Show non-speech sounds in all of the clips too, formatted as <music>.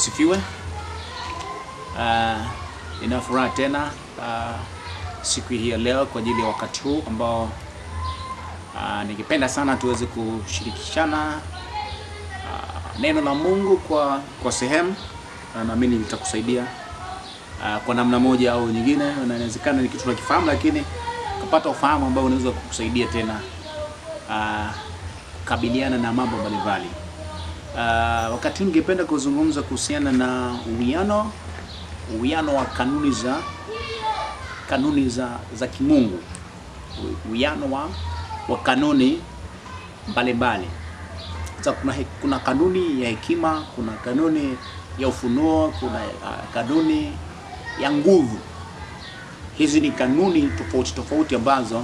wasifiwe. Uh, ah, furaha tena uh, siku hii ya leo kwa ajili ya wakati huu ambao uh, ningependa sana tuweze kushirikishana uh, neno la Mungu kwa, kwa sehemu na naamini litakusaidia uh, kwa namna moja au nyingine, na inawezekana ni kitu unakifahamu, lakini kupata ufahamu ambao unaweza kukusaidia tena uh, kabiliana na mambo mbalimbali. Uh, wakati ningependa kuzungumza kuhusiana na uwiano uwiano wa kanuni za kanuni za, za kimungu uwiano wa, wa kanuni mbalimbali. Sasa kuna, kuna kanuni ya hekima, kuna kanuni ya ufunuo, kuna uh, kanuni ya nguvu. Hizi ni kanuni tofauti tofauti ambazo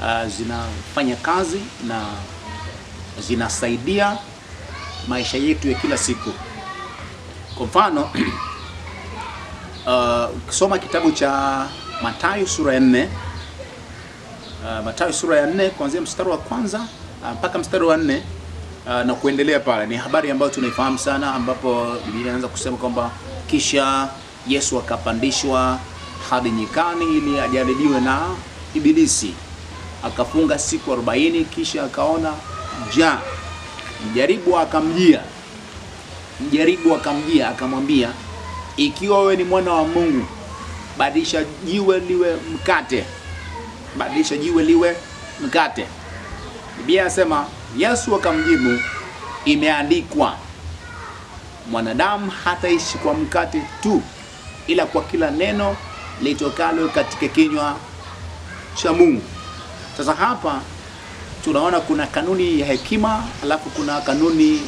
uh, zinafanya kazi na zinasaidia maisha yetu ya kila siku. Kwa mfano <clears throat> uh, ukisoma uh, kitabu cha Mathayo sura ya 4 uh, Mathayo sura ya 4 kuanzia mstari wa kwanza uh, mpaka uh, mstari wa 4 uh, na kuendelea pale, ni habari ambayo tunaifahamu sana, ambapo Biblia inaanza kusema kwamba kisha Yesu akapandishwa hadi nyikani ili ajaribiwe na Ibilisi, akafunga siku 40 kisha akaona njaa. Mjaribu akamjia, mjaribu akamjia akamwambia, ikiwa wewe ni mwana wa Mungu, badilisha jiwe liwe mkate, badilisha jiwe liwe mkate. Biblia inasema Yesu akamjibu, imeandikwa, mwanadamu hataishi kwa mkate tu, ila kwa kila neno litokalo katika kinywa cha Mungu. Sasa hapa tunaona kuna kanuni ya hekima, alafu kuna kanuni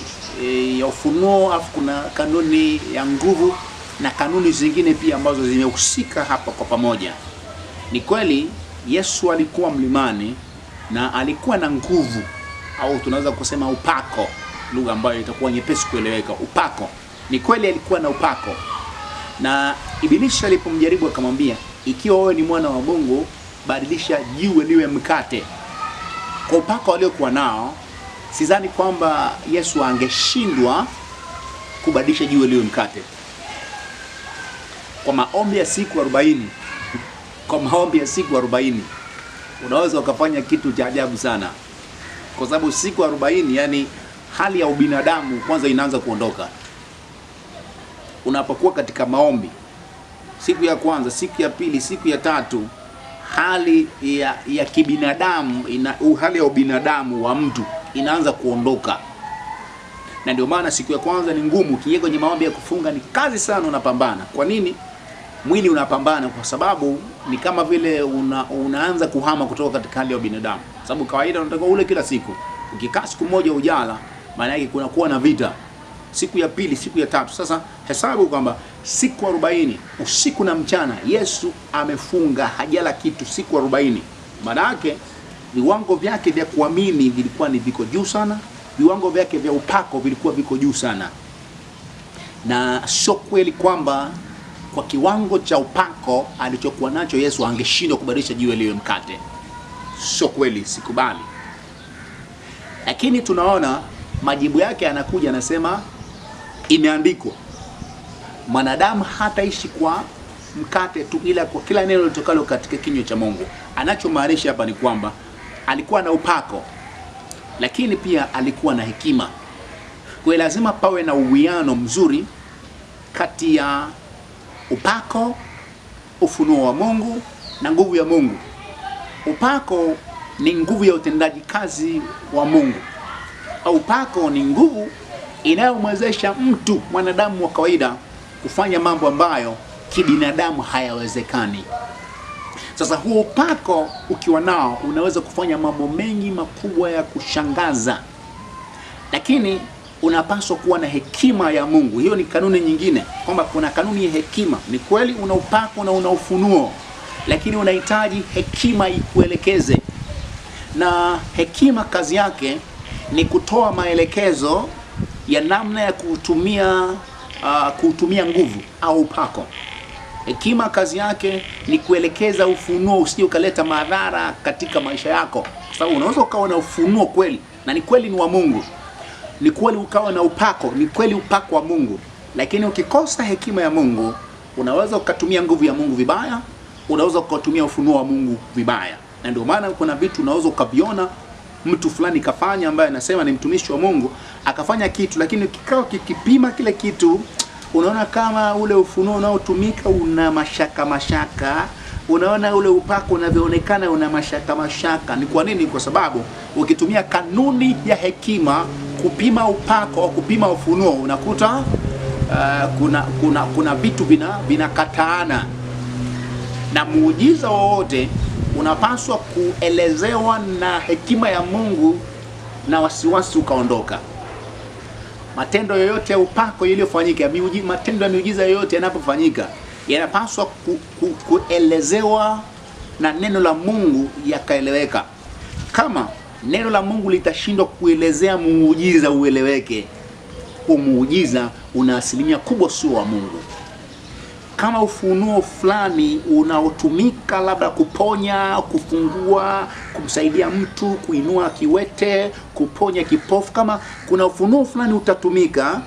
e, ya ufunuo, alafu kuna kanuni ya nguvu na kanuni zingine pia ambazo zimehusika hapa kwa pamoja. Ni kweli Yesu alikuwa mlimani na alikuwa na nguvu au tunaweza kusema upako, lugha ambayo itakuwa nyepesi kueleweka. Upako ni kweli, alikuwa na upako, na Ibilisi alipomjaribu akamwambia, ikiwa wewe ni mwana wa Mungu, badilisha jiwe liwe mkate. Kwa upako waliokuwa nao, sidhani kwamba Yesu angeshindwa kubadilisha jiwe liwe mkate kwa maombi ya siku arobaini. Kwa maombi ya siku arobaini unaweza ukafanya kitu cha ajabu sana, kwa sababu siku arobaini, yani hali ya ubinadamu kwanza inaanza kuondoka unapokuwa katika maombi, siku ya kwanza, siku ya pili, siku ya tatu hali ya, ya kibinadamu ina, hali ya ubinadamu wa mtu inaanza kuondoka, na ndio maana siku ya kwanza ni ngumu. Ukiingia kwenye maombi ya kufunga ni kazi sana, unapambana. Kwa nini? Mwili unapambana kwa sababu ni kama vile una, unaanza kuhama kutoka katika hali ya ubinadamu, sababu kawaida unataka ule kila siku. Ukikaa siku moja ujala, maana yake kunakuwa na vita siku ya pili, siku ya tatu. Sasa hesabu kwamba siku arobaini usiku na mchana. Yesu amefunga hajala kitu siku arobaini. Maana yake viwango vyake vya kuamini vilikuwa ni viko juu sana, viwango vyake vya upako vilikuwa viko juu sana, na sio kweli kwamba kwa kiwango cha upako alichokuwa nacho Yesu angeshindwa kubadilisha jiwe liwe mkate. Sio kweli, sikubali. Lakini tunaona majibu yake, anakuja anasema, imeandikwa mwanadamu hataishi kwa mkate tu, ila kwa kila neno litokalo katika kinywa cha Mungu. Anachomaanisha hapa ni kwamba alikuwa na upako, lakini pia alikuwa na hekima. Kwa hiyo lazima pawe na uwiano mzuri kati ya upako, ufunuo wa Mungu na nguvu ya Mungu. Upako ni nguvu ya utendaji kazi wa Mungu. Upako ni nguvu inayomwezesha mtu mwanadamu wa kawaida kufanya mambo ambayo kibinadamu hayawezekani. Sasa huo upako ukiwa nao unaweza kufanya mambo mengi makubwa ya kushangaza, lakini unapaswa kuwa na hekima ya Mungu. Hiyo ni kanuni nyingine, kwamba kuna kanuni ya hekima. Ni kweli una upako na una ufunuo, lakini unahitaji hekima ikuelekeze, na hekima kazi yake ni kutoa maelekezo ya namna ya kutumia uh, kutumia nguvu au upako. Hekima kazi yake ni kuelekeza ufunuo usije ukaleta madhara katika maisha yako, kwa sababu unaweza ukawa na ufunuo kweli na ni kweli ni wa Mungu, ni kweli ukawa na upako, ni kweli upako wa Mungu, lakini ukikosa hekima ya Mungu unaweza ukatumia nguvu ya Mungu vibaya, unaweza ukatumia ufunuo wa Mungu vibaya, na ndio maana kuna vitu unaweza ukaviona mtu fulani kafanya, ambaye anasema ni mtumishi wa Mungu akafanya kitu, lakini kikao kikipima kile kitu, unaona kama ule ufunuo unaotumika una mashaka mashaka unaona ule upako unavyoonekana una mashaka mashaka. Ni kwa nini? Kwa sababu ukitumia kanuni ya hekima kupima upako au kupima ufunuo unakuta uh, kuna kuna kuna vitu vinakataana na muujiza wowote unapaswa kuelezewa na hekima ya Mungu na wasiwasi ukaondoka. Matendo yoyote ya upako yaliyofanyika, matendo ya miujiza yoyote yanapofanyika, yanapaswa ku, ku, kuelezewa na neno la Mungu yakaeleweka. Kama neno la Mungu litashindwa kuelezea muujiza ueleweke, huo muujiza una asilimia kubwa sio wa Mungu kama ufunuo fulani unaotumika labda kuponya, kufungua, kumsaidia mtu, kuinua kiwete, kuponya kipofu, kama kuna ufunuo fulani utatumika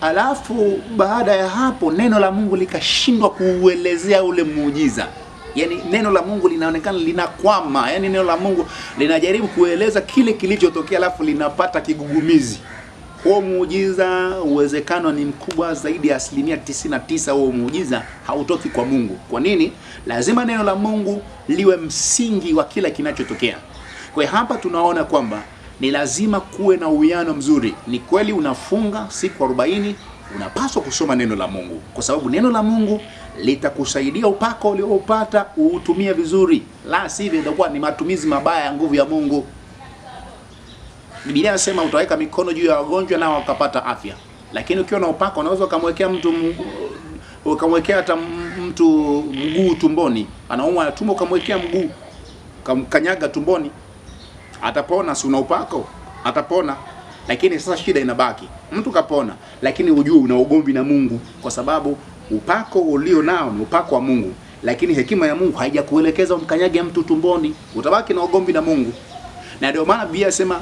alafu baada ya hapo neno la Mungu likashindwa kuuelezea ule muujiza, yani neno la Mungu linaonekana linakwama, yani neno la Mungu linajaribu kueleza kile kilichotokea, alafu linapata kigugumizi huo muujiza uwezekano ni mkubwa zaidi ya asilimia 99, huo muujiza hautoki kwa Mungu. Kwa nini? Lazima neno la Mungu liwe msingi wa kila kinachotokea. Kwa hiyo hapa tunaona kwamba ni lazima kuwe na uwiano mzuri. Ni kweli unafunga siku 40, unapaswa kusoma neno la Mungu kwa sababu neno la Mungu litakusaidia upako uliopata uutumie vizuri, la sivyo itakuwa ni matumizi mabaya ya nguvu ya Mungu. Biblia inasema utaweka mikono juu ya wagonjwa nao wakapata afya, lakini ukiwa na upako unaweza ukamwekea mtu ukamwekea hata mtu mguu tumboni, anaumwa tumbo, ukamwekea mguu, kamkanyaga tumboni, atapona. Si una upako? Atapona. Lakini sasa shida inabaki, mtu kapona, lakini ujue una ugomvi na Mungu, kwa sababu upako ulio nao ni upako wa Mungu, lakini hekima ya Mungu haijakuelekeza umkanyage mtu tumboni, utabaki na ugomvi na Mungu, na ndio maana Biblia inasema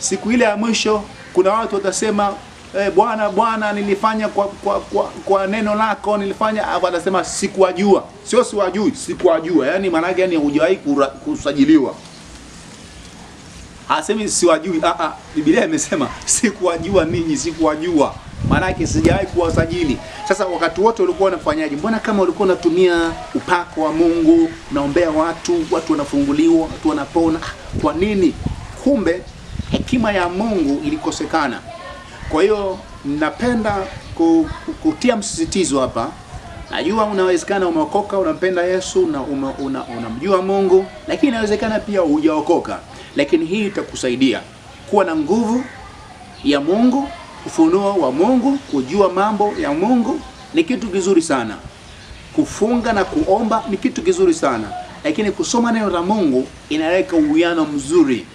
siku ile ya mwisho kuna watu watasema eh, Bwana Bwana, nilifanya kwa, kwa, kwa, kwa neno lako nilifanya. Watasema sikuwajua, sio siwajui, sikuwajua. Yani maana yake yani hujawahi kusajiliwa. Hasemi siwajui, a ah, a, ah, Biblia imesema sikuwajua ninyi, sikuwajua maana yake sijawahi kuwasajili. Sasa wakati wote ulikuwa unafanyaje? Mbona kama ulikuwa unatumia upako wa Mungu, unaombea watu, watu wanafunguliwa, watu wanapona, ah, kwa nini? Kumbe hekima ya Mungu ilikosekana. Kwa hiyo napenda kutia msisitizo hapa. Najua unawezekana umeokoka, unampenda Yesu na unamjua una, una Mungu, lakini inawezekana pia hujaokoka, lakini hii itakusaidia kuwa na nguvu ya Mungu, ufunuo wa Mungu, kujua mambo ya Mungu ni kitu kizuri sana. Kufunga na kuomba ni kitu kizuri sana, lakini kusoma neno la Mungu inaweka uwiano mzuri.